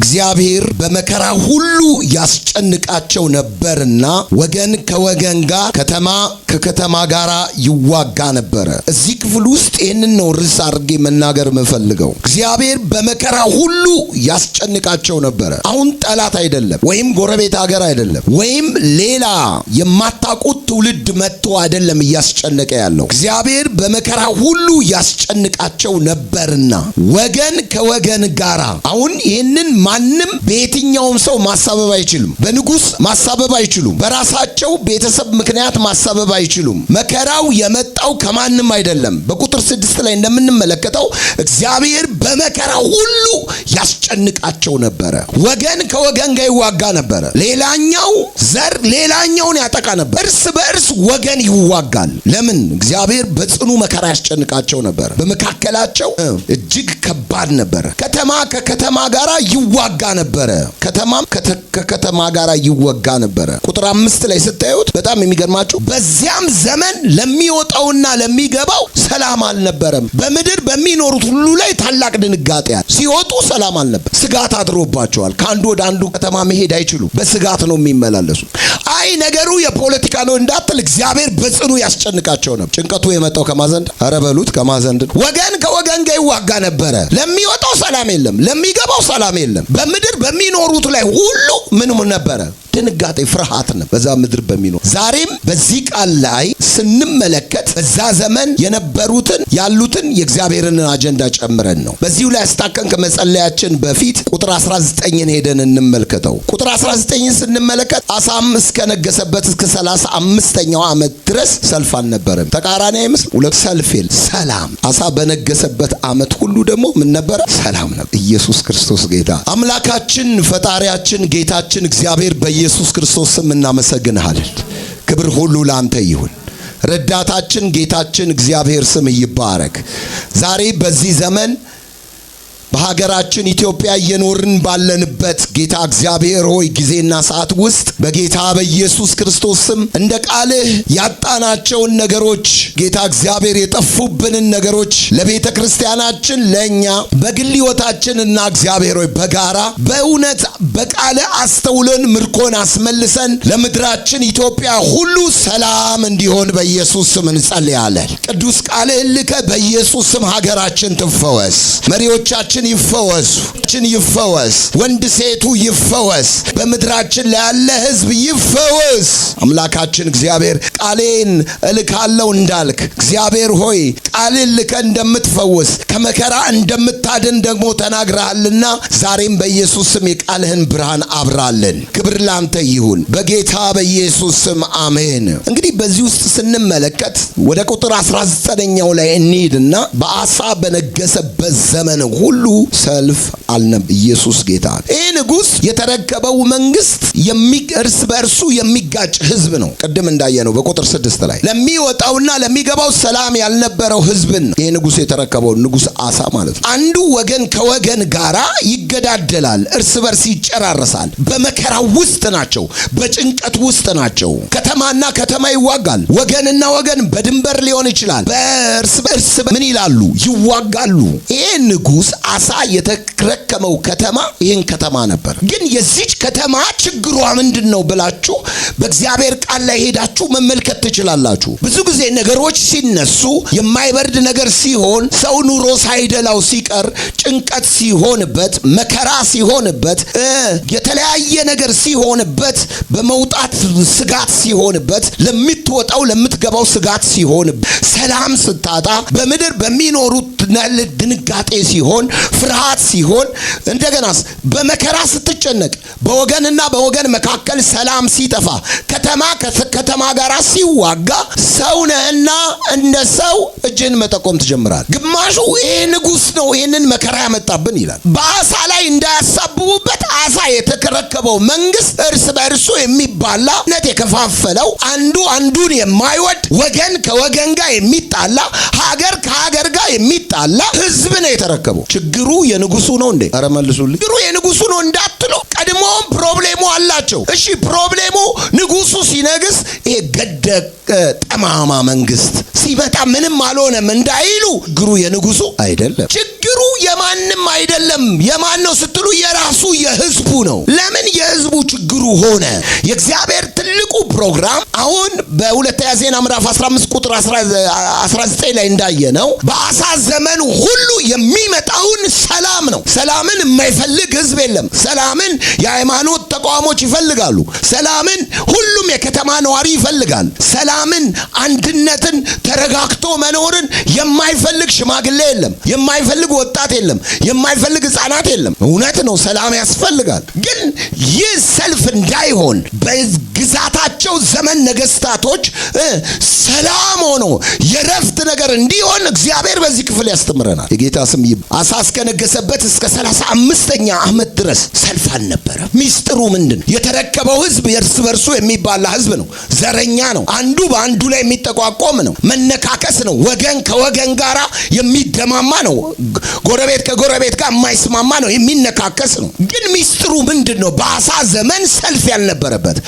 እግዚአብሔር በመከራ ሁሉ ያስጨንቃቸው ነበርና ወገን ከወገን ጋር፣ ከተማ ከከተማ ጋር ይዋጋ ነበረ። እዚህ ክፍል ውስጥ ይህንን ነው ርዕስ አድርጌ መናገር የምፈልገው። እግዚአብሔር በመከራ ሁሉ ያስጨንቃቸው ነበረ። አሁን ጠላት አይደለም፣ ወይም ጎረቤት ሀገር አይደለም፣ ወይም ሌላ የማታውቁት ትውልድ መጥቶ አይደለም እያስጨነቀ ያለው እግዚአብሔር በመከራ ሁሉ ያስጨንቃቸው ነበርና ወገን ከወገን ጋራ አሁን ይህንን ማንም በየትኛውም ሰው ማሳበብ አይችሉም። በንጉስ ማሳበብ አይችሉም። በራሳቸው ቤተሰብ ምክንያት ማሳበብ አይችሉም። መከራው የመጣው ከማንም አይደለም። በቁጥር ስድስት ላይ እንደምንመለከተው እግዚአብሔር በመከራ ሁሉ ያስጨንቃቸው ነበረ። ወገን ከወገን ጋር ይዋጋ ነበረ። ሌላኛው ዘር ሌላኛውን ያጠቃ ነበር። እርስ በእርስ ወገን ይዋጋል። ለምን? እግዚአብሔር በጽኑ መከራ ያስጨንቃቸው ነበር። በመካከላቸው እጅግ ከባድ ነበረ። ከተማ ከከተማ ጋር ይዋ ይዋጋ ነበረ። ከተማም ከከተማ ጋር ይወጋ ነበረ። ቁጥር አምስት ላይ ስታዩት በጣም የሚገርማችሁ በዚያም ዘመን ለሚወጣውና ለሚገባው ሰላም አልነበረም። በምድር በሚኖሩት ሁሉ ላይ ታላቅ ድንጋጤ አለ። ሲወጡ ሰላም አልነበር። ስጋት አድሮባቸዋል። ከአንዱ ወደ አንዱ ከተማ መሄድ አይችሉም። በስጋት ነው የሚመላለሱ። አይ ነገሩ የፖለቲካ ነው እንዳትል እግዚአብሔር በጽኑ ያስጨንቃቸው ነበር። ጭንቀቱ የመጣው ከማዘንድ አረበሉት ከማዘንድ ወገን ከወገን ጋር ይዋጋ ነበረ። ለሚወጣው ሰላም የለም፣ ለሚገባው ሰላም የለም። በምድር በሚኖሩት ላይ ሁሉ ምንም ነበረ ድንጋጤ፣ ፍርሃት ነው በዛ ምድር በሚኖር ዛሬም በዚህ ቃል ላይ ስንመለከት በዛ ዘመን የነበሩትን ያሉትን የእግዚአብሔርን አጀንዳ ጨምረን ነው። በዚሁ ላይ አስታከን ከመጸለያችን በፊት ቁጥር 19ን ሄደን እንመልከተው። ቁጥር 19ን ስንመለከት አሳም እስከነገሰበት እስከ 35ኛው ዓመት ድረስ ሰልፍ አልነበረም። ተቃራኒ አይምስ ሁለት ሰልፌል ሰላም አሳ በነገሰበት ዓመት ሁሉ ደግሞ ምን ነበረ? ሰላም ነበር። ኢየሱስ ክርስቶስ ጌታ አምላካችን ፈጣሪያችን ጌታችን እግዚአብሔር በየ በኢየሱስ ክርስቶስ ስም እናመሰግንሃለን። ክብር ሁሉ ለአንተ ይሁን። ረዳታችን ጌታችን እግዚአብሔር ስም ይባረክ። ዛሬ በዚህ ዘመን በሀገራችን ኢትዮጵያ እየኖርን ባለንበት ጌታ እግዚአብሔር ሆይ ጊዜና ሰዓት ውስጥ በጌታ በኢየሱስ ክርስቶስ ስም እንደ ቃልህ ያጣናቸውን ነገሮች ጌታ እግዚአብሔር የጠፉብንን ነገሮች ለቤተ ክርስቲያናችን ለእኛ በግል ሕይወታችንና እግዚአብሔር ሆይ በጋራ በእውነት በቃለ አስተውለን ምርኮን አስመልሰን ለምድራችን ኢትዮጵያ ሁሉ ሰላም እንዲሆን በኢየሱስ ስም እንጸልያለን። ቅዱስ ቃልህን ልከ በኢየሱስ ስም ሀገራችን ትፈወስ መሪዎቻችን ልጆቻችን ይፈወሱ፣ ችን ይፈወስ፣ ወንድ ሴቱ ይፈወስ፣ በምድራችን ላይ ያለ ህዝብ ይፈወስ። አምላካችን እግዚአብሔር ቃሌን እልካለው እንዳልክ እግዚአብሔር ሆይ ቃልን ልከ እንደምትፈውስ ከመከራ እንደምታድን ደግሞ ተናግረሃልና ዛሬም በኢየሱስ ስም የቃልህን ብርሃን አብራለን። ክብር ላንተ ይሁን በጌታ በኢየሱስ ስም አሜን። እንግዲህ በዚህ ውስጥ ስንመለከት ወደ ቁጥር 19ኛው ላይ እንሂድና በአሳ በነገሰበት ዘመን ሁሉ ሰልፍ አልነበ ኢየሱስ ጌታ ይህ ንጉስ የተረከበው መንግስት እርስ በእርሱ የሚጋጭ ህዝብ ነው። ቅድም እንዳየነው በቁጥር ስድስት ላይ ለሚወጣውና ለሚገባው ሰላም ያልነበረው ህዝብን ይህ ንጉስ የተረከበው ንጉስ አሳ ማለት ነው። አንዱ ወገን ከወገን ጋራ ይገዳደላል፣ እርስ በርስ ይጨራረሳል። በመከራ ውስጥ ናቸው፣ በጭንቀት ውስጥ ናቸው። ከተማና ከተማ ይዋጋል። ወገንና ወገን በድንበር ሊሆን ይችላል። በእርስ በእርስ ምን ይላሉ? ይዋጋሉ። ይሄ ንጉስ አሳ የተረከመው ከተማ ይህን ከተማ ነበር። ግን የዚች ከተማ ችግሯ ምንድን ነው ብላችሁ በእግዚአብሔር ቃል ላይ ሄዳችሁ መመልከት ትችላላችሁ። ብዙ ጊዜ ነገሮች ሲነሱ የማይበርድ ነገር ሲሆን፣ ሰው ኑሮ ሳይደላው ሲቀር፣ ጭንቀት ሲሆንበት፣ መከራ ሲሆንበት፣ የተለያየ ነገር ሲሆንበት፣ በመውጣት ስጋት ሲሆንበት፣ ለምትወጣው ለምትገባው ስጋት ሲሆንበት፣ ሰላም ስታጣ በምድር በሚኖሩት ያለ ድንጋጤ ሲሆን፣ ፍርሃት ሲሆን፣ እንደገናስ በመከራ ስትጨነቅ፣ በወገንና በወገን መካከል ሰላም ሲጠፋ፣ ከተማ ከተማ ጋር ሲዋጋ፣ ሰው ነህና እንደ ሰው እጅን መጠቆም ትጀምራል። ግማሹ ይሄ ንጉሥ ነው ይህንን መከራ ያመጣብን ይላል። በአሳ ላይ እንዳያሳብቡበት የተረከበው መንግስት እርስ በእርሱ የሚባላ ነት የከፋፈለው አንዱ አንዱን የማይወድ ወገን ከወገን ጋር የሚጣላ ሀገር ከሀገር ጋር የሚጣላ ህዝብ ነው የተረከበው። ችግሩ የንጉሱ ነው እንዴ? ኧረ መልሱልኝ። ችግሩ የንጉሱ ነው እንዳትሎ ቀድሞውም ፕሮብሌሙ አላቸው። እሺ ፕሮብሌሙ ንጉሱ ሲነግስ ይሄ ገደ ጠማማ መንግስት ሲመጣ ምንም አልሆነም እንዳይሉ ችግሩ የንጉሱ አይደለም። ችግሩ የማንም አይደለም። የማን ነው ስትሉ የራሱ የህዝቡ ነው። ለምን የህዝቡ ችግሩ ሆነ? የእግዚአብሔር ትልቁ ፕሮግራም አሁን በሁለተኛ ዜና ምዕራፍ 15 ቁጥር 19 ላይ እንዳየ ነው በአሳ ዘመን ሁሉ የሚመጣውን ሰላም ነው። ሰላምን የማይፈልግ ህዝብ የለም። ሰላምን የሃይማኖት ተቋሞች ይፈልጋሉ። ሰላምን ሁሉም የከተማ ነዋሪ ይፈልጋል። ሰላምን፣ አንድነትን፣ ተረጋግቶ መኖርን የማይፈልግ ሽማግሌ የለም። የማይፈልግ ወጣት የለም። የማይፈልግ ህፃናት የለም። እውነት ነው። ሰላም ያስፈልጋል። ግን ይህ ሰልፍ እንዳይሆን በግዛታቸው ዘመን ነገስታቶች ሰላም ሆኖ የረፍት ነገር እንዲሆን እግዚአብሔር በዚህ ክፍል ያስተምረናል። የጌታ ስም አሳ እስከነገሰበት እስከ ሰላሳ አምስተኛ ዓመት ድረስ ሰልፍ አልነበረ። ሚስጥሩ ምንድን? የተረከበው ህዝብ የእርስ በርሱ የሚባላ ህዝብ ነው። ዘረኛ ነው። አንዱ በአንዱ ላይ የሚጠቋቆም ነው። መነካከስ ነው። ወገን ከወገን ጋራ የሚደማማ ነው። ጎረቤት ከጎረቤት ጋር የማይስማማ ነው። የሚነካከስ ነው። ግን ሚስጥሩ ምንድን ነው? በአሳ ዘመን ሰልፍ ያልነበረበት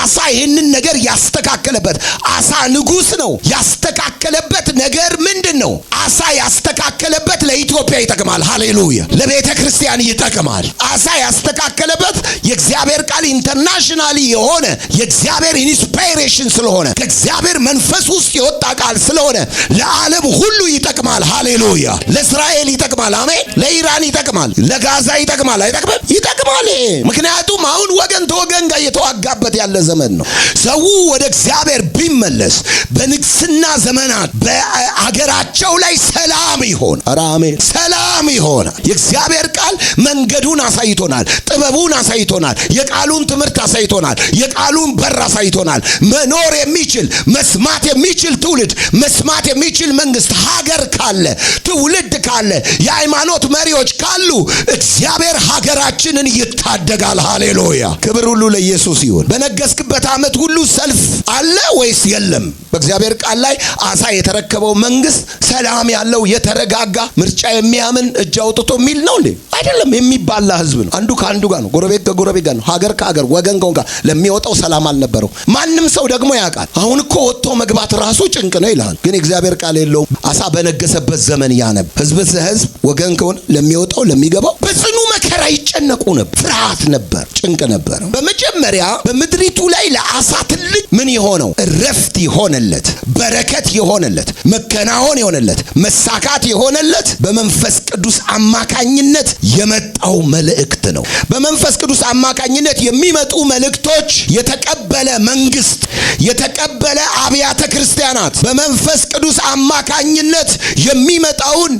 አሳ ይህንን ነገር ያስተካከለበት አሳ ንጉሥ ነው ያስተካ ያስተካከለበት ነገር ምንድን ነው? አሳ ያስተካከለበት ለኢትዮጵያ ይጠቅማል። ሃሌሉያ! ለቤተ ክርስቲያን ይጠቅማል። አሳ ያስተካከለበት የእግዚአብሔር ቃል ኢንተርናሽናሊ የሆነ የእግዚአብሔር ኢንስፓይሬሽን ስለሆነ ከእግዚአብሔር መንፈስ ውስጥ የወጣ ቃል ስለሆነ ለዓለም ሁሉ ይጠቅማል። ሃሌሉያ! ለእስራኤል ይጠቅማል። አሜን። ለኢራን ይጠቅማል። ለጋዛ ይጠቅማል። አይጠቅምም? ይጠቅማል። ምክንያቱም አሁን ወገን ተወገን ጋር እየተዋጋበት ያለ ዘመን ነው። ሰው ወደ እግዚአብሔር ቢመለስ በንግስና ዘመን ዘመናት በአገራቸው ላይ ሰላም ይሆን። አሜን። ሰላም ይሆናል። የእግዚአብሔር ቃል መንገዱን አሳይቶናል። ጥበቡን አሳይቶናል። የቃሉን ትምህርት አሳይቶናል። የቃሉን በር አሳይቶናል። መኖር የሚችል መስማት የሚችል ትውልድ፣ መስማት የሚችል መንግስት፣ ሀገር ካለ ትውልድ ካለ የሃይማኖት መሪዎች ካሉ እግዚአብሔር ሀገራችንን ይታደጋል። ሃሌሉያ! ክብር ሁሉ ለኢየሱስ ይሁን። በነገስክበት ዓመት ሁሉ ሰልፍ አለ ወይስ የለም? በእግዚአብሔር ቃል ላይ ሲነሳ የተረከበው መንግስት ሰላም ያለው የተረጋጋ ምርጫ የሚያምን እጅ አውጥቶ የሚል ነው እንዴ? አይደለም። የሚባላ ህዝብ ነው። አንዱ ከአንዱ ጋር ነው። ጎረቤት ከጎረቤት ጋር ነው። ሀገር ከሀገር ወገን ከወገን ጋር ለሚወጣው ሰላም አልነበረው። ማንም ሰው ደግሞ ያውቃል። አሁን እኮ ወጥቶ መግባት ራሱ ጭንቅ ነው ይላል። ግን እግዚአብሔር ቃል የለውም። አሳ በነገሰበት ዘመን ያነብ ህዝብ ህዝብ ወገን ከሆነ ለሚወጣው ለሚገባው በጽኑ መከራ ይጨነቁ ነበር። ፍርሃት ነበር፣ ጭንቅ ነበር። በመጀመሪያ በምድሪቱ ላይ ለአሳ ትልቅ ምን የሆነው እረፍት የሆነለት በረከት የሆነለት መከናወን የሆነለት፣ መሳካት የሆነለት በመንፈስ ቅዱስ አማካኝነት የመጣው መልእክት ነው። በመንፈስ ቅዱስ አማካኝነት የሚመጡ መልእክቶች የተቀበለ መንግስት፣ የተቀበለ አብያተ ክርስቲያናት በመንፈስ ቅዱስ አማካኝነት የሚመጣውን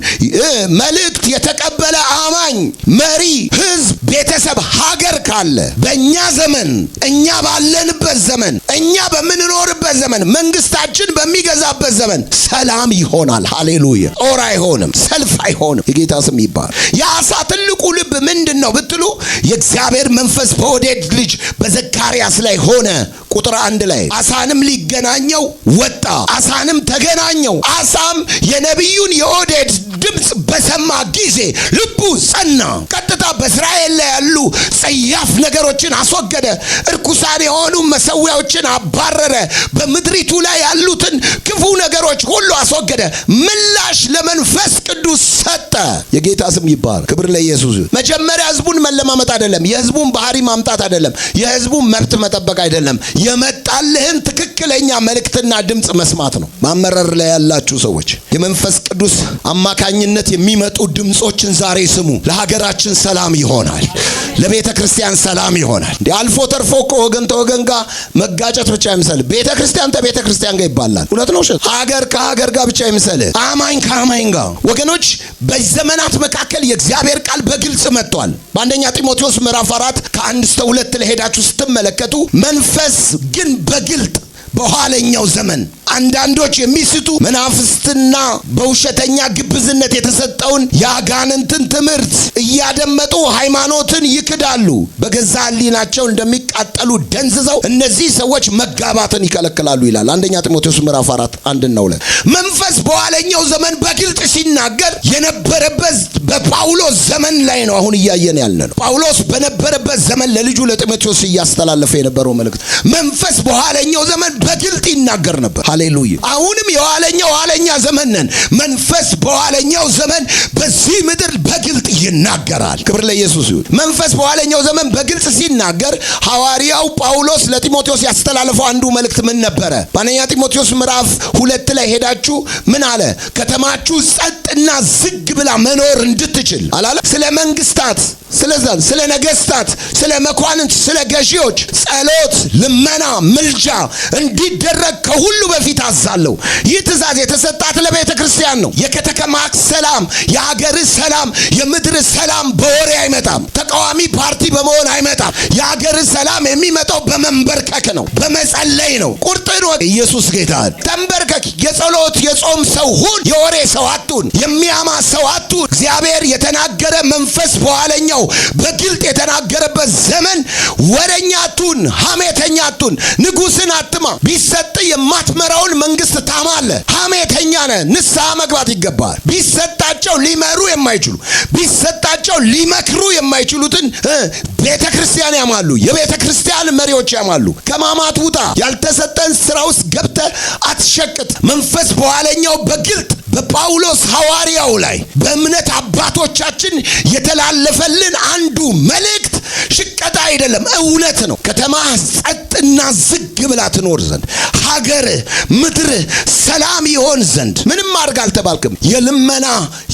መልእክት የተቀበለ አማኝ፣ መሪ፣ ህዝብ፣ ቤተሰብ፣ ሀገር ካለ በእኛ ዘመን እኛ ባለንበት ዘመን እኛ በምንኖርበት ዘመን መንግስታችን በሚገዛበት ዘመን ሰላም ይሆናል። ሃሌሉያ። ጦር አይሆንም፣ ሰልፍ አይሆንም። የጌታ ስም ይባል። የአሳ ትልቁ ልብ ምንድን ነው ብትሉ የእግዚአብሔር መንፈስ በወዴድ ልጅ በዘካርያስ ላይ ሆነ። ቁጥር አንድ ላይ አሳንም ሊገናኘው ወጣ፣ አሳንም ተገናኘው። አሳም የነቢዩን የኦዴድ ድምፅ በሰማ ጊዜ ልቡ ጸና። ቀጥታ በእስራኤል ላይ ያሉ ጸያፍ ነገሮችን አስወገደ። እርኩሳን የሆኑ መሰዊያዎችን አባረረ። በምድሪቱ ላይ ያሉትን ክፉ ነገሮች ሁሉ አስወገደ። ምላሽ ለመንፈስ ቅዱስ ሰጠ። የጌታ ስም ይባል። ክብር ለኢየሱስ። መጀመሪያ ህዝቡን መለማመጥ አይደለም፣ የህዝቡን ባህሪ ማምጣት አይደለም፣ የህዝቡን መብት መጠበቅ አይደለም። የመጣልህን ትክክለኛ መልእክትና ድምፅ መስማት ነው። ማመረር ላይ ያላችሁ ሰዎች የመንፈስ ቅዱስ አማካ አማካኝነት የሚመጡ ድምፆችን ዛሬ ስሙ። ለሀገራችን ሰላም ይሆናል፣ ለቤተ ክርስቲያን ሰላም ይሆናል። እንዲ አልፎ ተርፎ እኮ ወገን ተወገን ጋር መጋጨት ብቻ አይምሰል፣ ቤተ ክርስቲያን ተቤተ ክርስቲያን ጋር ይባላል። እውነት ነው። ሀገር ከሀገር ጋር ብቻ አይምሰል፣ አማኝ ከአማኝ ጋር ወገኖች፣ በዘመናት መካከል የእግዚአብሔር ቃል በግልጽ መጥቷል። በአንደኛ ጢሞቴዎስ ምዕራፍ አራት ከአንድ እስከ ሁለት ለሄዳችሁ ስትመለከቱ መንፈስ ግን በግልጥ በኋለኛው ዘመን አንዳንዶች የሚስቱ መናፍስትና በውሸተኛ ግብዝነት የተሰጠውን የአጋንንትን ትምህርት እያደመጡ ሃይማኖትን ይክዳሉ። በገዛ ሕሊናቸው እንደሚቃጠሉ ደንዝዘው እነዚህ ሰዎች መጋባትን ይከለክላሉ ይላል አንደኛ ጢሞቴዎስ ምዕራፍ አራት አንድና ሁለት መንፈስ በኋለኛው ዘመን በግልጥ ሲናገር የነበረበት በጳውሎስ ዘመን ላይ ነው። አሁን እያየን ያለ ነው። ጳውሎስ በነበረበት ዘመን ለልጁ ለጢሞቴዎስ እያስተላለፈ የነበረው መልእክት መንፈስ በኋለኛው ዘመን በግልጥ ይናገር ነበር። ሃሌሉያ! አሁንም የኋለኛ ኋለኛ ዘመን ነን። መንፈስ በኋለኛው ዘመን በዚህ ምድር በግልጥ ይናገራል። ክብር ለኢየሱስ ይሁን። መንፈስ በኋለኛው ዘመን በግልጽ ሲናገር ሐዋርያው ጳውሎስ ለጢሞቴዎስ ያስተላለፈው አንዱ መልእክት ምን ነበረ? በአንደኛ ጢሞቴዎስ ምዕራፍ ሁለት ላይ ሄዳችሁ ምን አለ? ከተማችሁ ጸጥና ዝግ ብላ መኖር እንድትችል አላለ? ስለ መንግስታት ስለዛ ስለ ነገስታት፣ ስለ መኳንንት፣ ስለ ገዢዎች ጸሎት፣ ልመና፣ ምልጃ እንዲደረግ ከሁሉ በፊት አዛለሁ። ይህ ትእዛዝ የተሰጣት ለቤተ ክርስቲያን ነው። የከተከማክ ሰላም፣ የሀገር ሰላም፣ የምድር ሰላም በወሬ አይመጣም። ተቃዋሚ ፓርቲ በመሆን አይመጣም። የሀገር ሰላም የሚመጣው በመንበርከክ ነው፣ በመጸለይ ነው። ቁርጥን ኢየሱስ ጌታ ተንበርከክ። የጸሎት የጾም ሰው ሁን። የወሬ ሰው አቱን፣ የሚያማ ሰው አቱን። እግዚአብሔር የተናገረ መንፈስ በኋለኛው ሰው በግልጥ የተናገረበት ዘመን። ወረኛ አትሁን፣ ሐሜተኛ አትሁን፣ ንጉስን አትማ። ቢሰጥ የማትመራውን መንግስት ታማለ። ሐሜተኛ ነ ንስሐ መግባት ይገባል። ቢሰጣቸው ሊመሩ የማይችሉ ቢሰጣቸው ሊመክሩ የማይችሉትን ቤተ ክርስቲያን ያማሉ። የቤተ ክርስቲያን መሪዎች ያማሉ። ከማማት ውጣ። ያልተሰጠን ስራ ውስጥ ገብተ አትሸቅጥ። መንፈስ በኋለኛው በግልጥ በጳውሎስ ሐዋርያው ላይ በእምነት አባቶቻችን የተላለፈልን አንዱ መልእክት ሽቀጣ አይደለም፣ እውነት ነው። ከተማ ጸጥና ዝግ ብላ ትኖር ዘንድ ሀገርህ ምድርህ ሰላም ይሆን ዘንድ ምንም አድርግ አልተባልክም። የልመና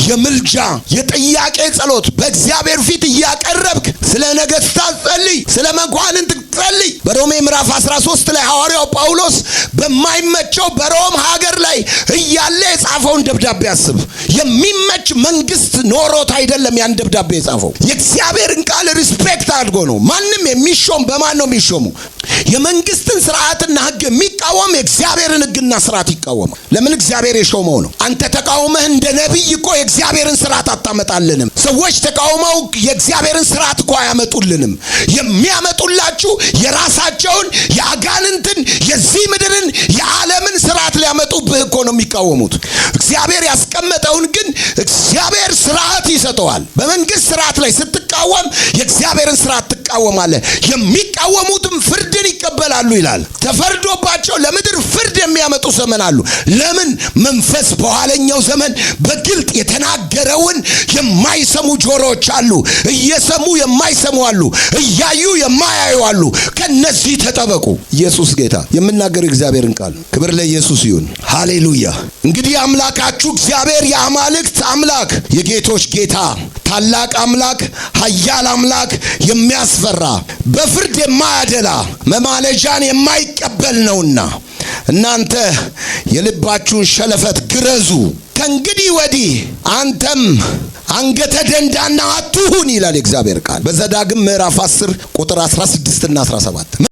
የምልጃ የጥያቄ ጸሎት በእግዚአብሔር ፊት እያቀረብክ ስለ ነገስታት ጸልይ፣ ስለ መኳንንት ጸልይ። በሮሜ ምዕራፍ 13 ላይ ሐዋርያው ጳውሎስ በማይመቸው በሮም ሀገር ላይ እያለ የጻፈውን ደብዳቤ አስብ። የሚመች መንግስት ኖሮት አይደለም ያን ደብዳቤ የጻፈው። የእግዚአብሔርን ቃል ሪስፔክት አድርጎ ነው። ማንም የሚሾም በማን ነው የሚሾሙ? የመንግስትን ስርዓትና የሚቃወም የእግዚአብሔርን ሕግና ስርዓት ይቃወማል። ለምን? እግዚአብሔር የሾመው ነው። አንተ ተቃውመህ እንደ ነቢይ እኮ የእግዚአብሔርን ስርዓት አታመጣልንም። ሰዎች ተቃውመው የእግዚአብሔርን ስርዓት እኮ አያመጡልንም። የሚያመጡላችሁ የራሳቸውን የአጋንንትን፣ የዚህ ምድርን፣ የዓለምን ስርዓት ሊያመጡብህ እኮ ነው የሚቃወሙት። እግዚአብሔር ያስቀመጠውን ግን እግዚአብሔር ስርዓት ይሰጠዋል። በመንግስት ስርዓት ላይ ስትቃወም የእግዚአብሔርን ስርዓት ትቃወማለህ፣ የሚቃወሙትም ፍርድን ይቀበላሉ ይላል። ተፈርዶባቸው ለምድር ፍርድ የሚያመጡ ዘመን አሉ። ለምን? መንፈስ በኋለኛው ዘመን በግልጥ የተናገረውን የማይሰሙ ጆሮዎች አሉ። እየሰሙ የማይሰሙ አሉ፣ እያዩ የማያዩ አሉ። ከነዚህ ተጠበቁ። ኢየሱስ ጌታ የምናገር እግዚአብሔርን ቃል ክብር ለኢየሱስ ይሁን። ሃሌሉያ። እንግዲህ አምላካችሁ እግዚአብሔር የአማልክት አምላክ የጌቶች ጌታ ታላቅ አምላክ፣ ኃያል አምላክ፣ የሚያስፈራ በፍርድ የማያደላ መማለጃን የማይቀበል ነውና እናንተ የልባችሁን ሸለፈት ግረዙ። ከእንግዲህ ወዲህ አንተም አንገተ ደንዳና አትሁን ይላል የእግዚአብሔር ቃል በዘዳግም ምዕራፍ 10 ቁጥር 16 እና 17